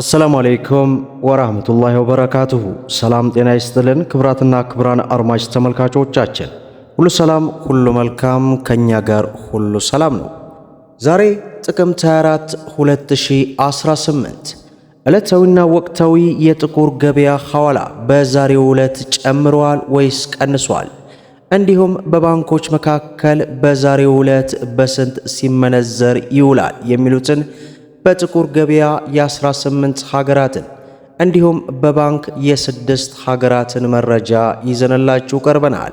አሰላሙ አለይኩም ወራህመቱላሂ ወበረካቱሁ። ሰላም ጤና ይስጥልን። ክብራትና ክብራን አድማጭ ተመልካቾቻችን ሁሉ ሰላም፣ ሁሉ መልካም፣ ከኛ ጋር ሁሉ ሰላም ነው። ዛሬ ጥቅምት 24 2018 ዕለታዊና ወቅታዊ የጥቁር ገበያ ሐዋላ በዛሬው ዕለት ጨምረዋል ወይስ ቀንሷል? እንዲሁም በባንኮች መካከል በዛሬው ዕለት በስንት ሲመነዘር ይውላል የሚሉትን በጥቁር ገበያ የ18 ሀገራትን እንዲሁም በባንክ የስድስት ሀገራትን መረጃ ይዘንላችሁ ቀርበናል።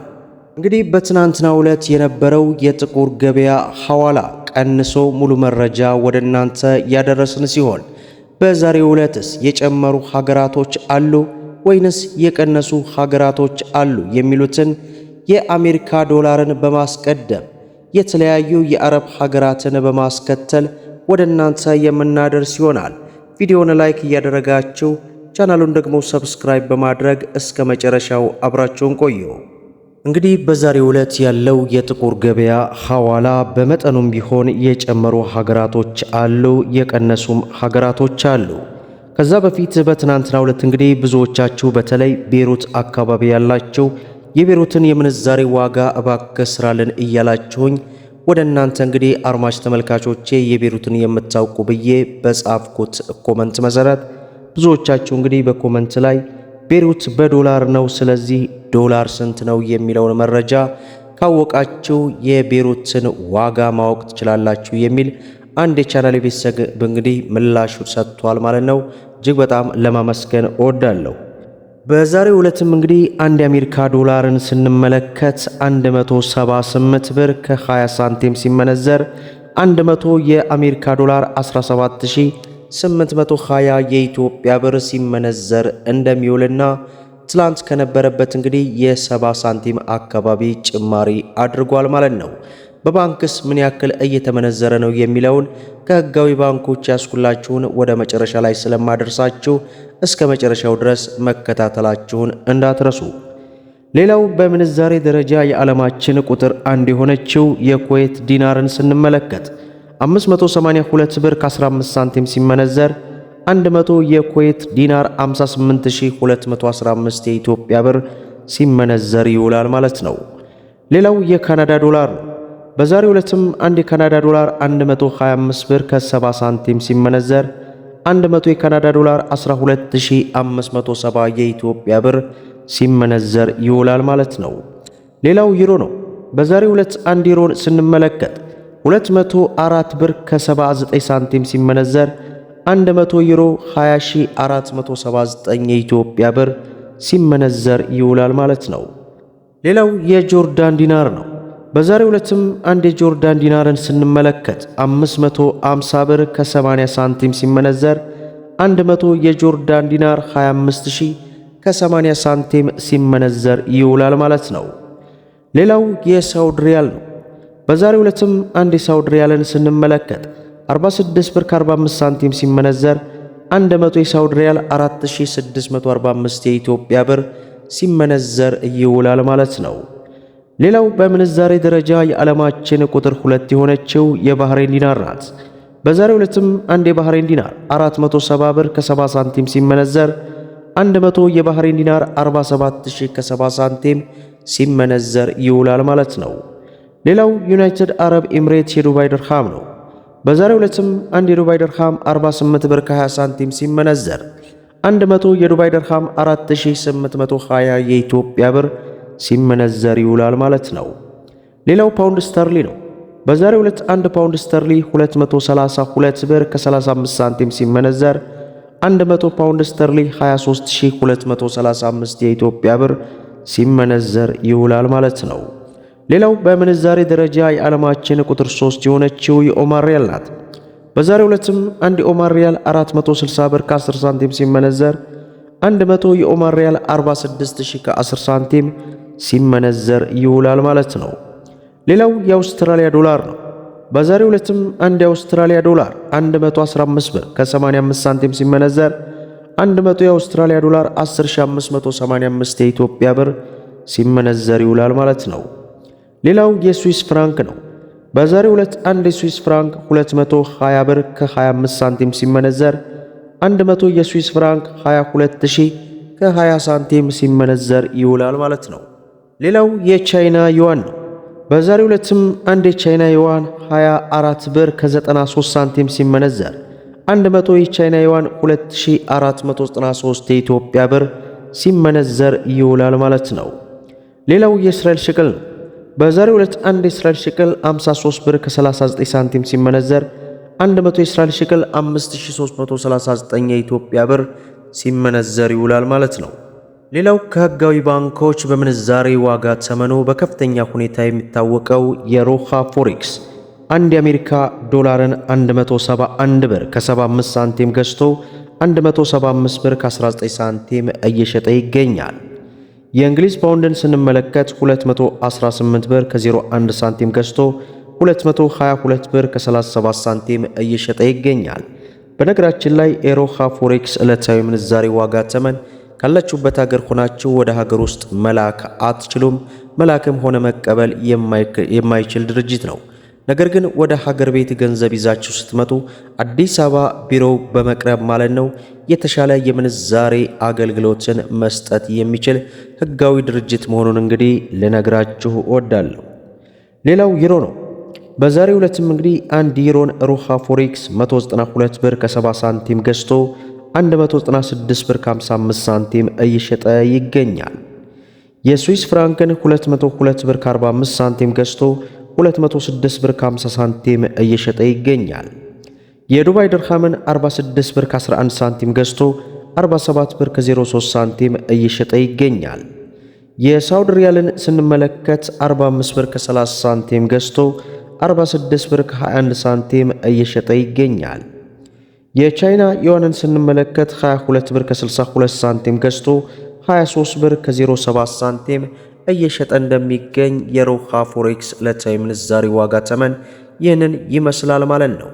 እንግዲህ በትናንትናው ዕለት የነበረው የጥቁር ገበያ ሐዋላ ቀንሶ ሙሉ መረጃ ወደ እናንተ ያደረስን ሲሆን በዛሬው ዕለትስ የጨመሩ ሀገራቶች አሉ ወይንስ የቀነሱ ሀገራቶች አሉ የሚሉትን የአሜሪካ ዶላርን በማስቀደም የተለያዩ የአረብ ሀገራትን በማስከተል ወደ እናንተ የምናደርስ ይሆናል። ቪዲዮውን ላይክ እያደረጋችሁ ቻናሉን ደግሞ ሰብስክራይብ በማድረግ እስከ መጨረሻው አብራችሁን ቆዩ። እንግዲህ በዛሬው ዕለት ያለው የጥቁር ገበያ ሐዋላ በመጠኑም ቢሆን የጨመሩ ሀገራቶች አሉ፣ የቀነሱም ሀገራቶች አሉ። ከዛ በፊት በትናንትናው ዕለት እንግዲህ ብዙዎቻችሁ በተለይ ቤሩት አካባቢ ያላችሁ የቤሩትን የምንዛሬ ዋጋ እባክህ ስራልን እያላችሁኝ ወደ እናንተ እንግዲህ አርማች ተመልካቾቼ የቤሩትን የምታውቁ ብዬ በጻፍኩት ኮመንት መሰረት ብዙዎቻችሁ እንግዲህ በኮመንት ላይ ቤሩት በዶላር ነው፣ ስለዚህ ዶላር ስንት ነው የሚለውን መረጃ ካወቃችሁ የቤሩትን ዋጋ ማወቅ ትችላላችሁ የሚል አንድ የቻናል ቤተሰብ እንግዲህ ምላሹ ሰጥቷል ማለት ነው። እጅግ በጣም ለማመስገን እወዳለሁ። በዛሬው ዕለትም እንግዲህ አንድ የአሜሪካ ዶላርን ስንመለከት 178 ብር ከ20 ሳንቲም ሲመነዘር 100 የአሜሪካ ዶላር 17820 የኢትዮጵያ ብር ሲመነዘር እንደሚውልና ትላንት ከነበረበት እንግዲህ የ70 ሳንቲም አካባቢ ጭማሪ አድርጓል ማለት ነው። በባንክስ ምን ያክል እየተመነዘረ ነው የሚለውን ከህጋዊ ባንኮች ያስኩላችሁን ወደ መጨረሻ ላይ ስለማደርሳችሁ እስከ መጨረሻው ድረስ መከታተላችሁን እንዳትረሱ። ሌላው በምንዛሬ ደረጃ የዓለማችን ቁጥር አንድ የሆነችው የኩዌት ዲናርን ስንመለከት 582 ብር ከ15 ሳንቲም ሲመነዘር 100 የኩዌት ዲናር 58215 የኢትዮጵያ ብር ሲመነዘር ይውላል ማለት ነው። ሌላው የካናዳ ዶላር ነው። በዛሬው ዕለትም አንድ የካናዳ ዶላር 125 ብር ከ70 ሳንቲም ሲመነዘር 100 የካናዳ ዶላር 12570 የኢትዮጵያ ብር ሲመነዘር ይውላል ማለት ነው። ሌላው ዩሮ ነው። በዛሬው ዕለት አንድ ዩሮን ስንመለከት 204 ብር ከ79 ሳንቲም ሲመነዘር 100 ዩሮ 20479 የኢትዮጵያ ብር ሲመነዘር ይውላል ማለት ነው። ሌላው የጆርዳን ዲናር ነው። በዛሬው ዕለትም አንድ የጆርዳን ዲናርን ስንመለከት 550 ብር ከ80 ሳንቲም ሲመነዘር 100 የጆርዳን ዲናር 25 ሺህ ከ80 ሳንቲም ሲመነዘር ይውላል ማለት ነው። ሌላው የሳውድ ሪያል ነው። በዛሬው ዕለትም አንድ የሳውድ ሪያልን ስንመለከት 46 ብር ከ45 ሳንቲም ሲመነዘር 100 የሳውድ ሪያል 4645 የኢትዮጵያ ብር ሲመነዘር ይውላል ማለት ነው። ሌላው በምንዛሬ ደረጃ የዓለማችን ቁጥር ሁለት የሆነችው የባህሬን ዲናር ናት። በዛሬው ዕለትም አንድ የባህሬን ዲናር 470 ብር ከ70 ሳንቲም ሲመነዘር 100 የባህሬን ዲናር 47000 ከ70 ሳንቲም ሲመነዘር ይውላል ማለት ነው። ሌላው ዩናይትድ አረብ ኤምሬትስ የዱባይ ድርሃም ነው። በዛሬው ዕለትም አንድ የዱባይ ድርሃም 48 ብር ከ20 ሳንቲም ሲመነዘር 100 የዱባይ ድርሃም 4820 የኢትዮጵያ ብር ሲመነዘር ይውላል ማለት ነው። ሌላው ፓውንድ ስተርሊ ነው። በዛሬ ሁለት አንድ ፓውንድ ስተርሊ 232 ብር ከ35 ሳንቲም ሲመነዘር 100 ፓውንድ ስተርሊ 23235 የኢትዮጵያ ብር ሲመነዘር ይውላል ማለት ነው። ሌላው በምንዛሬ ደረጃ የዓለማችን ቁጥር 3 የሆነችው የኦማር ሪያል ናት። በዛሬ ሁለትም አንድ የኦማር ሪያል 460 ብር ከ10 ሳንቲም ሲመነዘር 100 የኦማር ሪያል 46 ከ10 ሳንቲም ሲመነዘር ይውላል ማለት ነው። ሌላው የአውስትራሊያ ዶላር ነው። በዛሬው ዕለትም አንድ የአውስትራሊያ ዶላር 115 ብር ከ85 ሳንቲም ሲመነዘር 100 የአውስትራሊያ ዶላር 10585 የኢትዮጵያ ብር ሲመነዘር ይውላል ማለት ነው። ሌላው የስዊስ ፍራንክ ነው። በዛሬው ዕለት አንድ የስዊስ ፍራንክ 220 ብር ከ25 ሳንቲም ሲመነዘር 100 የስዊስ ፍራንክ 22000 ከ20 ሳንቲም ሲመነዘር ይውላል ማለት ነው። ሌላው የቻይና ዩዋን ነው። በዛሬው ዕለትም አንድ የቻይና ዩዋን 24 ብር ከ93 ሳንቲም ሲመነዘር 100 የቻይና ዩዋን 2493 የኢትዮጵያ ብር ሲመነዘር ይውላል ማለት ነው። ሌላው የእስራኤል ሽቅል ነው። በዛሬው ዕለት አንድ የእስራኤል ሽቅል 53 ብር ከ39 ሳንቲም ሲመነዘር 100 የእስራኤል ሽቅል 5339 የኢትዮጵያ ብር ሲመነዘር ይውላል ማለት ነው። ሌላው ከህጋዊ ባንኮች በምንዛሬ ዋጋ ተመኑ በከፍተኛ ሁኔታ የሚታወቀው የሮሃ ፎሬክስ አንድ የአሜሪካ ዶላርን 171 ብር ከ75 ሳንቲም ገዝቶ 175 ብር ከ19 ሳንቲም እየሸጠ ይገኛል። የእንግሊዝ ፓውንድን ስንመለከት 218 ብር ከ01 ሳንቲም ገዝቶ 222 ብር ከ37 ሳንቲም እየሸጠ ይገኛል። በነገራችን ላይ የሮሃ ፎሬክስ ዕለታዊ ምንዛሬ ዋጋ ተመን ካላችሁበት ሀገር ሆናችሁ ወደ ሀገር ውስጥ መላክ አትችሉም። መላክም ሆነ መቀበል የማይችል ድርጅት ነው። ነገር ግን ወደ ሀገር ቤት ገንዘብ ይዛችሁ ስትመጡ አዲስ አበባ ቢሮው በመቅረብ ማለት ነው የተሻለ የምንዛሬ አገልግሎትን መስጠት የሚችል ህጋዊ ድርጅት መሆኑን እንግዲህ ልነግራችሁ እወዳለሁ። ሌላው ዩሮ ነው። በዛሬው ዕለትም እንግዲህ አንድ ዩሮን ሩሃ ፎሬክስ 192 ብር ከ70 ሳንቲም ገዝቶ 196 ብር 55 ሳንቲም እየሸጠ ይገኛል። የስዊስ ፍራንክን 202 ብር 45 ሳንቲም ገዝቶ 206 ብር 50 ሳንቲም እየሸጠ ይገኛል። የዱባይ ድርሃምን 46 ብር 11 ሳንቲም ገዝቶ 47 ብር 03 ሳንቲም እየሸጠ ይገኛል። የሳውዲ ሪያልን ስንመለከት 45 ብር 30 ሳንቲም ገዝቶ 46 ብር 21 ሳንቲም እየሸጠ ይገኛል። የቻይና ዩዋንን ስንመለከት 22 ብር ከ62 ሳንቲም ገዝቶ 23 ብር ከ07 ሳንቲም እየሸጠ እንደሚገኝ የሮሃ ፎሬክስ ዕለታዊ ምንዛሪ ዋጋ ተመን ይህንን ይመስላል ማለት ነው።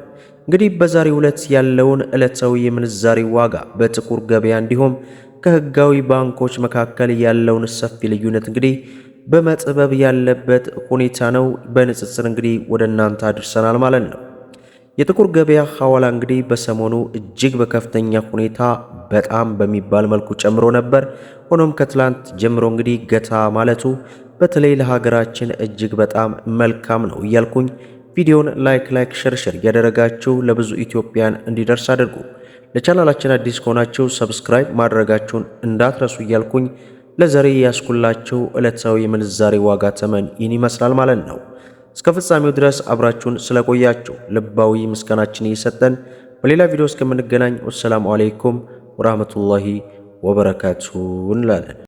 እንግዲህ በዛሬ ዕለት ያለውን ዕለታዊ የምንዛሪ ዋጋ በጥቁር ገበያ እንዲሁም ከህጋዊ ባንኮች መካከል ያለውን ሰፊ ልዩነት እንግዲህ በመጥበብ ያለበት ሁኔታ ነው። በንጽጽር እንግዲህ ወደ እናንተ አድርሰናል ማለት ነው። የጥቁር ገበያ ሐዋላ እንግዲህ በሰሞኑ እጅግ በከፍተኛ ሁኔታ በጣም በሚባል መልኩ ጨምሮ ነበር። ሆኖም ከትላንት ጀምሮ እንግዲህ ገታ ማለቱ በተለይ ለሀገራችን እጅግ በጣም መልካም ነው እያልኩኝ ቪዲዮን ላይክ ላይክ ሽርሽር እያደረጋችሁ ለብዙ ኢትዮጵያን እንዲደርስ አድርጉ። ለቻናላችን አዲስ ከሆናችሁ ሰብስክራይብ ማድረጋችሁን እንዳትረሱ እያልኩኝ ለዛሬ ያስኩላችሁ ዕለታዊ የምንዛሬ ዋጋ ተመን ይህን ይመስላል ማለት ነው። እስከ ፍጻሜው ድረስ አብራችሁን ስለቆያችሁ ልባዊ ምስጋናችን እየሰጠን በሌላ ቪዲዮ እስከምንገናኝ ወሰላሙ አሌይኩም ወራህመቱላሂ ወበረካቱ እንላለን።